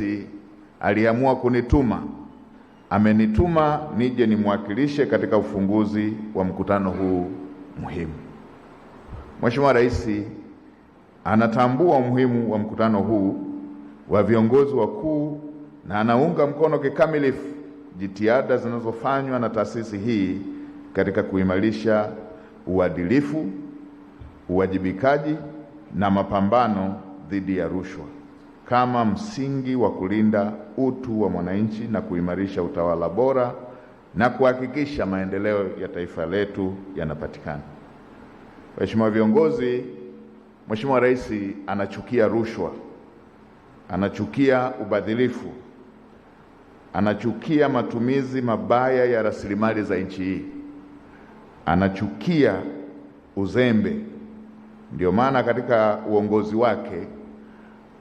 rais aliamua kunituma, amenituma nije nimwakilishe katika ufunguzi wa mkutano huu muhimu. Mheshimiwa Rais anatambua umuhimu wa mkutano huu wa viongozi wakuu na anaunga mkono kikamilifu jitihada zinazofanywa na taasisi hii katika kuimarisha uadilifu, uwajibikaji na mapambano dhidi ya rushwa kama msingi wa kulinda utu wa mwananchi na kuimarisha utawala bora na kuhakikisha maendeleo ya taifa letu yanapatikana. Waheshimiwa viongozi, Mheshimiwa Rais anachukia rushwa, anachukia ubadhilifu, anachukia matumizi mabaya ya rasilimali za nchi hii, anachukia uzembe. Ndio maana katika uongozi wake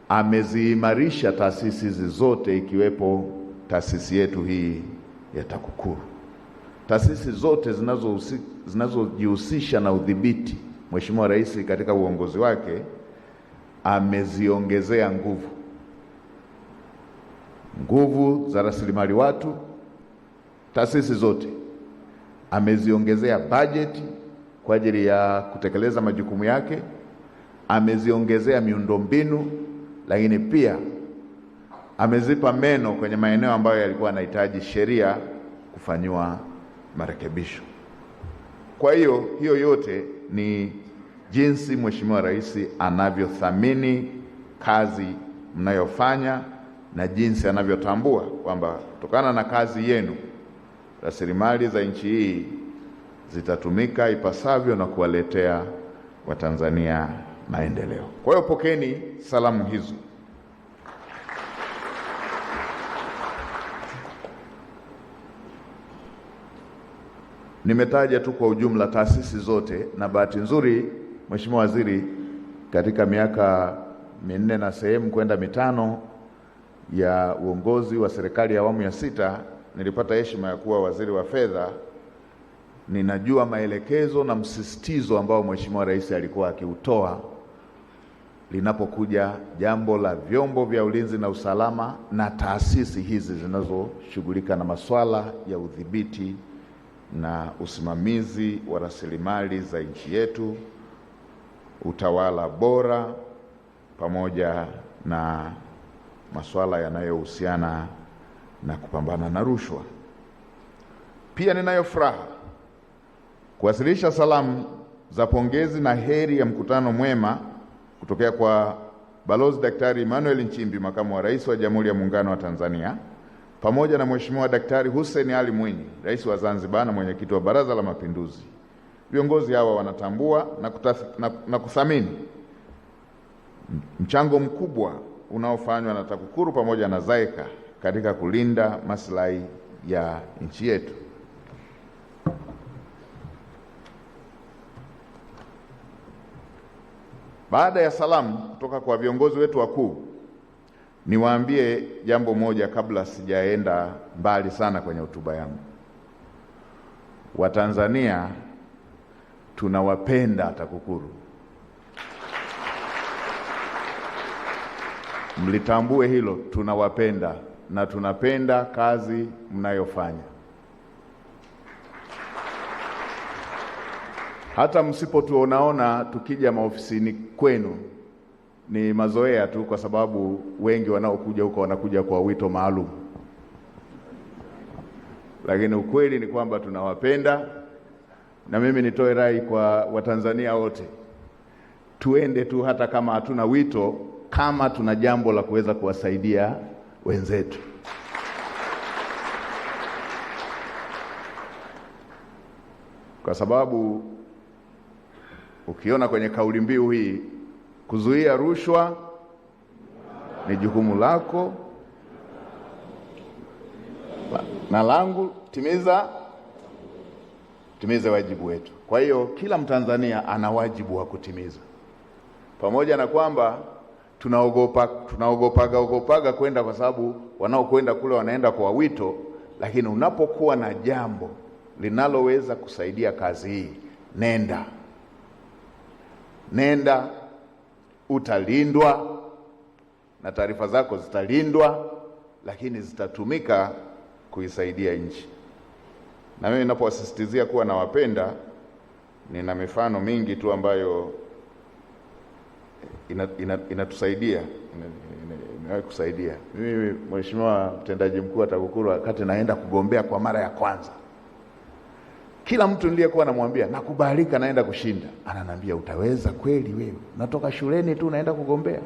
ameziimarisha taasisi hizi zote ikiwepo taasisi yetu hii ya TAKUKURU. Taasisi zote zinazojihusisha zinazo na udhibiti, Mheshimiwa Rais katika uongozi wake ameziongezea nguvu, nguvu za rasilimali watu. Taasisi zote ameziongezea bajeti kwa ajili ya kutekeleza majukumu yake, ameziongezea miundombinu lakini pia amezipa meno kwenye maeneo ambayo yalikuwa yanahitaji sheria kufanyiwa marekebisho. Kwa hiyo hiyo yote ni jinsi Mheshimiwa Rais anavyothamini kazi mnayofanya na jinsi anavyotambua kwamba kutokana na kazi yenu rasilimali za nchi hii zitatumika ipasavyo na kuwaletea Watanzania maendeleo. Kwa hiyo pokeni salamu hizo. Nimetaja tu kwa ujumla taasisi zote, na bahati nzuri Mheshimiwa Waziri, katika miaka minne na sehemu kwenda mitano ya uongozi wa serikali ya awamu ya sita nilipata heshima ya kuwa waziri wa fedha. Ninajua maelekezo na msisitizo ambao Mheshimiwa Rais alikuwa akiutoa linapokuja jambo la vyombo vya ulinzi na usalama na taasisi hizi zinazoshughulika na masuala ya udhibiti na usimamizi wa rasilimali za nchi yetu, utawala bora, pamoja na masuala yanayohusiana na kupambana na rushwa. Pia ninayo furaha kuwasilisha salamu za pongezi na heri ya mkutano mwema Kutokea kwa Balozi Daktari Emmanuel Nchimbi, makamu wa rais wa Jamhuri ya Muungano wa Tanzania, pamoja na Mheshimiwa Daktari Hussein Ali Mwinyi, rais wa Zanzibar na mwenyekiti wa Baraza la Mapinduzi. Viongozi hawa wanatambua na, na, na kuthamini mchango mkubwa unaofanywa na TAKUKURU pamoja na ZAIKA katika kulinda maslahi ya nchi yetu. Baada ya salamu kutoka kwa viongozi wetu wakuu, niwaambie jambo moja kabla sijaenda mbali sana kwenye hotuba yangu. Watanzania tunawapenda TAKUKURU, mlitambue hilo. Tunawapenda na tunapenda kazi mnayofanya. Hata msipotuonaona tukija maofisini kwenu ni mazoea tu, kwa sababu wengi wanaokuja huko wanakuja kwa wito maalum, lakini ukweli ni kwamba tunawapenda. Na mimi nitoe rai kwa Watanzania wote, tuende tu hata kama hatuna wito, kama tuna jambo la kuweza kuwasaidia wenzetu. Kwa sababu Ukiona kwenye kauli mbiu hii, kuzuia rushwa ni jukumu lako na langu, timiza timize wajibu wetu. Kwa hiyo kila Mtanzania ana wajibu wa kutimiza, pamoja na kwamba tunaogopa tunaogopaga ogopaga kwenda, kwa sababu wanaokwenda kule wanaenda kwa wito, lakini unapokuwa na jambo linaloweza kusaidia kazi hii, nenda nenda, utalindwa na taarifa zako zitalindwa, lakini zitatumika kuisaidia nchi. Na mimi ninapowasisitizia kuwa nawapenda, nina mifano mingi tu ambayo inatusaidia ina, ina imewahi kusaidia. Mimi mheshimiwa mtendaji mkuu wa TAKUKURU, wakati naenda kugombea kwa mara ya kwanza kila mtu niliyekuwa namwambia nakubalika, naenda kushinda, ananiambia utaweza kweli wewe? Natoka shuleni tu naenda kugombea,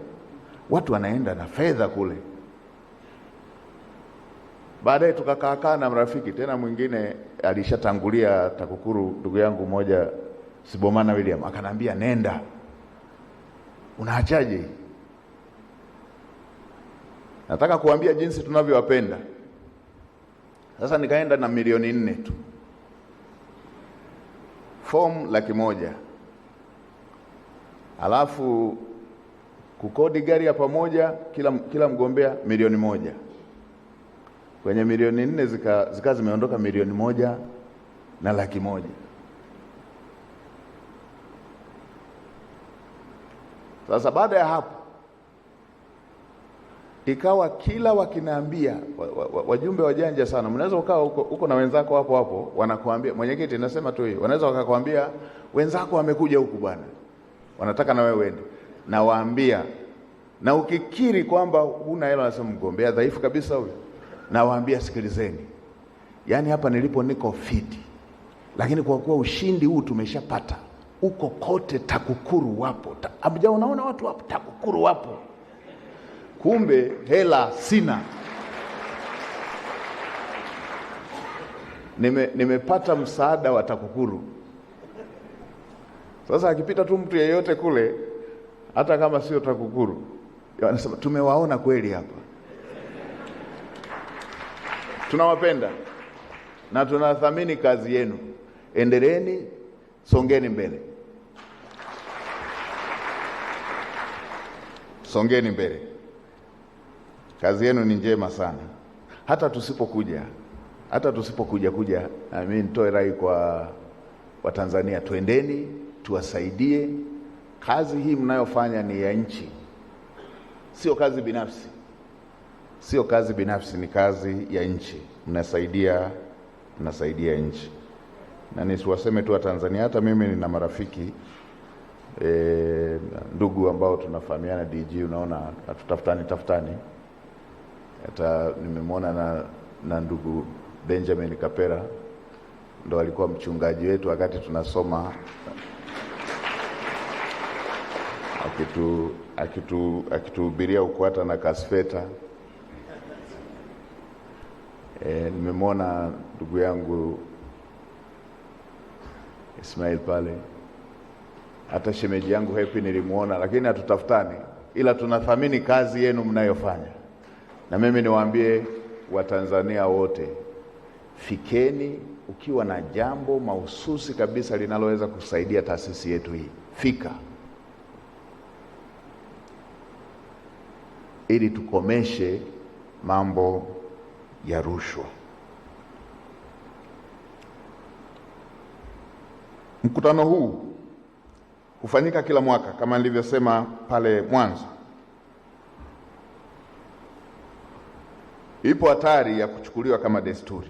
watu wanaenda na fedha kule. Baadaye tukakaakaa na mrafiki tena mwingine alishatangulia TAKUKURU, ndugu yangu mmoja Sibomana William, akanambia nenda, unaachaje? Nataka kuambia jinsi tunavyowapenda. Sasa nikaenda na milioni nne tu fomu laki moja alafu kukodi gari ya pamoja kila, kila mgombea milioni moja kwenye milioni nne zika, zika zimeondoka milioni moja na laki moja. Sasa baada ya hapo ikawa kila wakinaambia wajumbe wajanja sana, mnaweza ukawa uko, uko na wenzako hapo hapo, wanakuambia mwenyekiti, nasema tu hiyo, wanaweza wakakwambia wenzako wamekuja huku bwana, wanataka na wewe uende, na waambia, na ukikiri kwamba huna hela, nasema mgombea dhaifu kabisa huyo. Na waambia, sikilizeni, yaani hapa nilipo niko fiti, lakini kwa kuwa ushindi huu tumeshapata, uko kote TAKUKURU wapo ta, unaona watu wapo TAKUKURU wapo kumbe hela sina. Nime, nimepata msaada wa TAKUKURU. Sasa akipita tu mtu yeyote kule, hata kama sio TAKUKURU, anasema tumewaona kweli hapa, tunawapenda na tunathamini kazi yenu, endeleeni, songeni mbele, songeni mbele. Kazi yenu ni njema sana. Hata tusipokuja hata tusipokuja kuja, mi nitoe rai kwa Watanzania, twendeni tuwasaidie. Kazi hii mnayofanya ni ya nchi, sio kazi binafsi, sio kazi binafsi, ni kazi ya nchi. Mnasaidia, mnasaidia nchi. Na nisiwaseme tu Watanzania, hata mimi nina marafiki e, ndugu ambao tunafahamiana, DG, unaona hatutafutani tafutani hata nimemwona na, na ndugu Benjamin Kapera ndo alikuwa mchungaji wetu wakati tunasoma akituhubiria akitu, akituhubiria UKWATA na KASFETA. E, nimemwona ndugu yangu Ismail pale, hata shemeji yangu Happy nilimwona, lakini hatutafutani, ila tunathamini kazi yenu mnayofanya. Na mimi niwaambie Watanzania wote, fikeni ukiwa na jambo mahususi kabisa linaloweza kusaidia taasisi yetu hii, fika ili tukomeshe mambo ya rushwa. Mkutano huu hufanyika kila mwaka kama nilivyosema pale mwanzo. ipo hatari ya kuchukuliwa kama desturi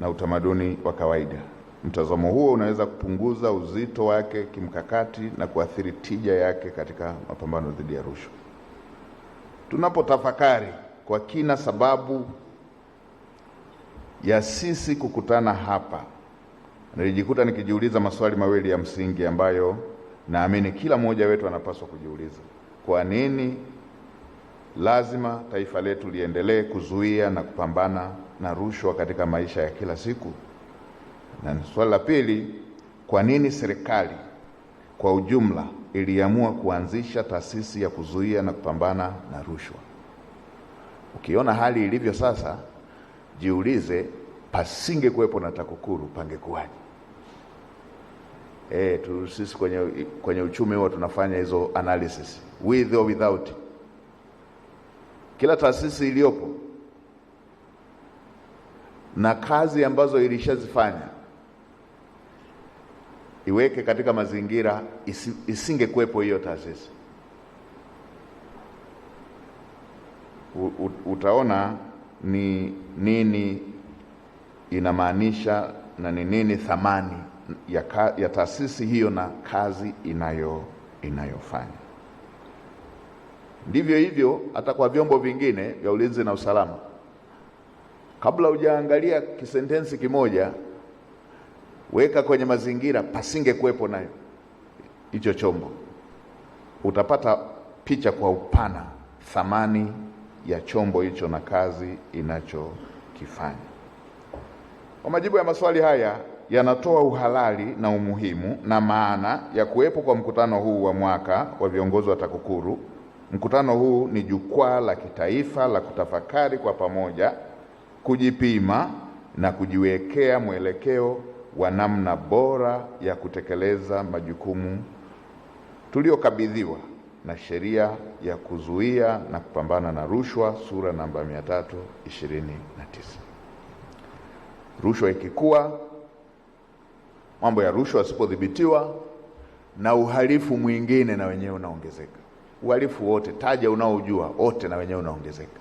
na utamaduni wa kawaida. Mtazamo huo unaweza kupunguza uzito wake kimkakati na kuathiri tija yake katika mapambano dhidi ya rushwa. Tunapotafakari kwa kina sababu ya sisi kukutana hapa, nilijikuta nikijiuliza maswali mawili ya msingi ambayo naamini kila mmoja wetu anapaswa kujiuliza: kwa nini Lazima taifa letu liendelee kuzuia na kupambana na rushwa katika maisha ya kila siku. Na swali la pili, kwa nini serikali kwa ujumla iliamua kuanzisha taasisi ya kuzuia na kupambana na rushwa? Ukiona hali ilivyo sasa, jiulize, pasinge kuwepo na TAKUKURU pangekuwaje? E, tu sisi kwenye, kwenye uchumi huwa tunafanya hizo analysis with or without kila taasisi iliyopo na kazi ambazo ilishazifanya iweke katika mazingira isi, isingekuwepo hiyo taasisi. utaona ni nini inamaanisha na ni nini thamani ya, ya taasisi hiyo na kazi inayo inayofanya. Ndivyo hivyo hata kwa vyombo vingine vya ulinzi na usalama. Kabla hujaangalia kisentensi kimoja, weka kwenye mazingira pasinge kuwepo nayo hicho chombo, utapata picha kwa upana, thamani ya chombo hicho na kazi inachokifanya. Kwa majibu ya maswali haya yanatoa uhalali na umuhimu na maana ya kuwepo kwa mkutano huu wa mwaka wa viongozi wa TAKUKURU Mkutano huu ni jukwaa la kitaifa la kutafakari kwa pamoja, kujipima na kujiwekea mwelekeo wa namna bora ya kutekeleza majukumu tuliyokabidhiwa na sheria ya kuzuia na kupambana na rushwa sura namba 329. Rushwa ikikua, mambo ya rushwa yasipodhibitiwa, na uhalifu mwingine na wenyewe unaongezeka uhalifu wote, taja unaojua wote, na wenyewe unaongezeka.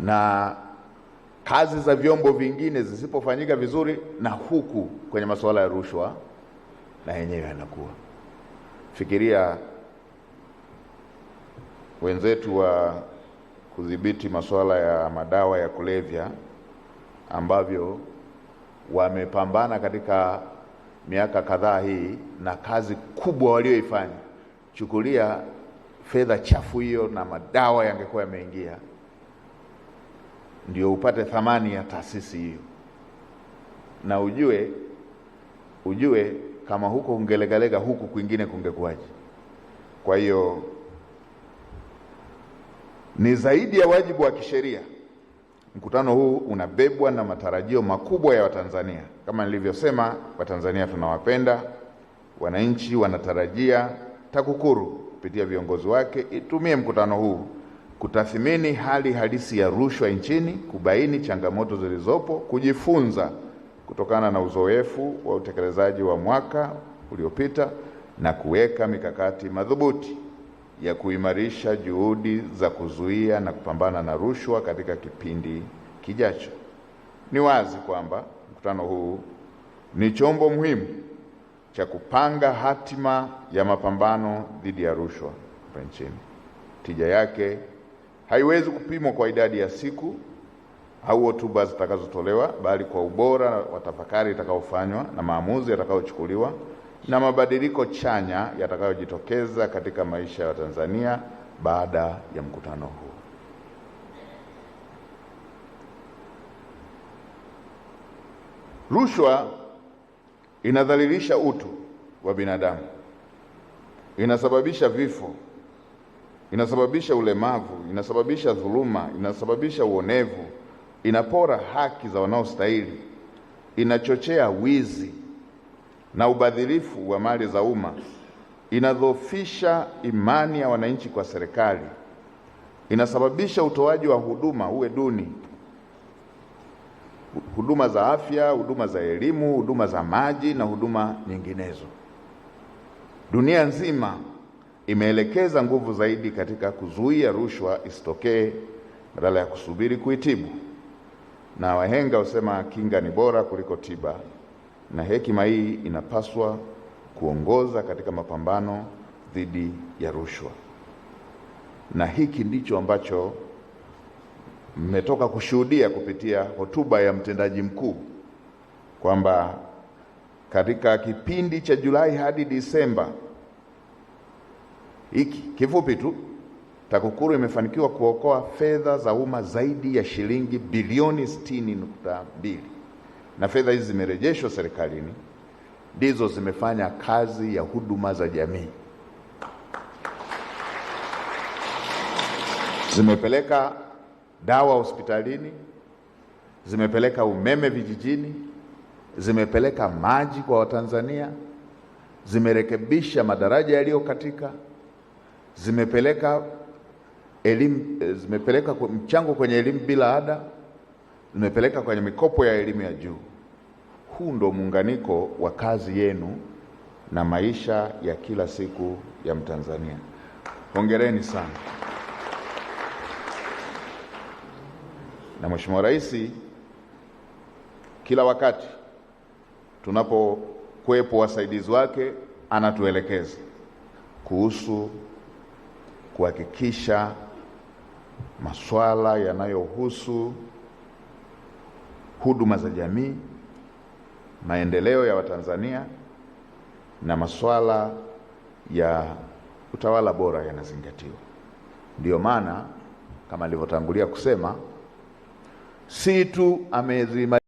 Na kazi za vyombo vingine zisipofanyika vizuri, na huku kwenye masuala ya rushwa na yenyewe yanakuwa. Fikiria wenzetu wa kudhibiti masuala ya madawa ya kulevya ambavyo wamepambana katika miaka kadhaa hii na kazi kubwa walioifanya. Chukulia fedha chafu hiyo na madawa yangekuwa yameingia, ndio upate thamani ya taasisi hiyo, na ujue ujue kama huko ungelegalega huku kwingine kungekuwaje? Kwa hiyo ni zaidi ya wajibu wa kisheria. Mkutano huu unabebwa na matarajio makubwa ya Watanzania. Kama nilivyosema, Watanzania tunawapenda, wananchi wanatarajia TAKUKURU kupitia viongozi wake itumie mkutano huu kutathmini hali halisi ya rushwa nchini, kubaini changamoto zilizopo, kujifunza kutokana na uzoefu wa utekelezaji wa mwaka uliopita na kuweka mikakati madhubuti ya kuimarisha juhudi za kuzuia na kupambana na rushwa katika kipindi kijacho. Ni wazi kwamba mkutano huu ni chombo muhimu cha kupanga hatima ya mapambano dhidi ya rushwa hapa nchini. Tija yake haiwezi kupimwa kwa idadi ya siku au hotuba zitakazotolewa, bali kwa ubora wa tafakari itakayofanywa na maamuzi yatakayochukuliwa na mabadiliko chanya yatakayojitokeza katika maisha ya Tanzania baada ya mkutano huu. Rushwa inadhalilisha utu wa binadamu, inasababisha vifo, inasababisha ulemavu, inasababisha dhuluma, inasababisha uonevu, inapora haki za wanaostahili, inachochea wizi na ubadhirifu wa mali za umma, inadhoofisha imani ya wananchi kwa serikali, inasababisha utoaji wa huduma uwe duni huduma za afya, huduma za elimu, huduma za maji na huduma nyinginezo. Dunia nzima imeelekeza nguvu zaidi katika kuzuia rushwa isitokee badala ya kusubiri kuitibu, na wahenga husema kinga ni bora kuliko tiba, na hekima hii inapaswa kuongoza katika mapambano dhidi ya rushwa, na hiki ndicho ambacho Mmetoka kushuhudia kupitia hotuba ya mtendaji mkuu kwamba katika kipindi cha Julai hadi Disemba hiki kifupi tu, TAKUKURU imefanikiwa kuokoa fedha za umma zaidi ya shilingi bilioni sitini nukta mbili na fedha hizi zimerejeshwa serikalini, ndizo zimefanya kazi ya huduma za jamii, zimepeleka dawa hospitalini, zimepeleka umeme vijijini, zimepeleka maji kwa Watanzania, zimerekebisha madaraja yaliyokatika, zimepeleka elimu, eh, zimepeleka mchango kwenye elimu bila ada, zimepeleka kwenye mikopo ya elimu ya juu. Huu ndo muunganiko wa kazi yenu na maisha ya kila siku ya Mtanzania. Hongereni sana. na Mheshimiwa Rais kila wakati tunapokuwepo wasaidizi wake anatuelekeza kuhusu kuhakikisha masuala yanayohusu huduma za jamii, maendeleo ya Watanzania na masuala ya utawala bora yanazingatiwa. Ndiyo maana kama alivyotangulia kusema si tu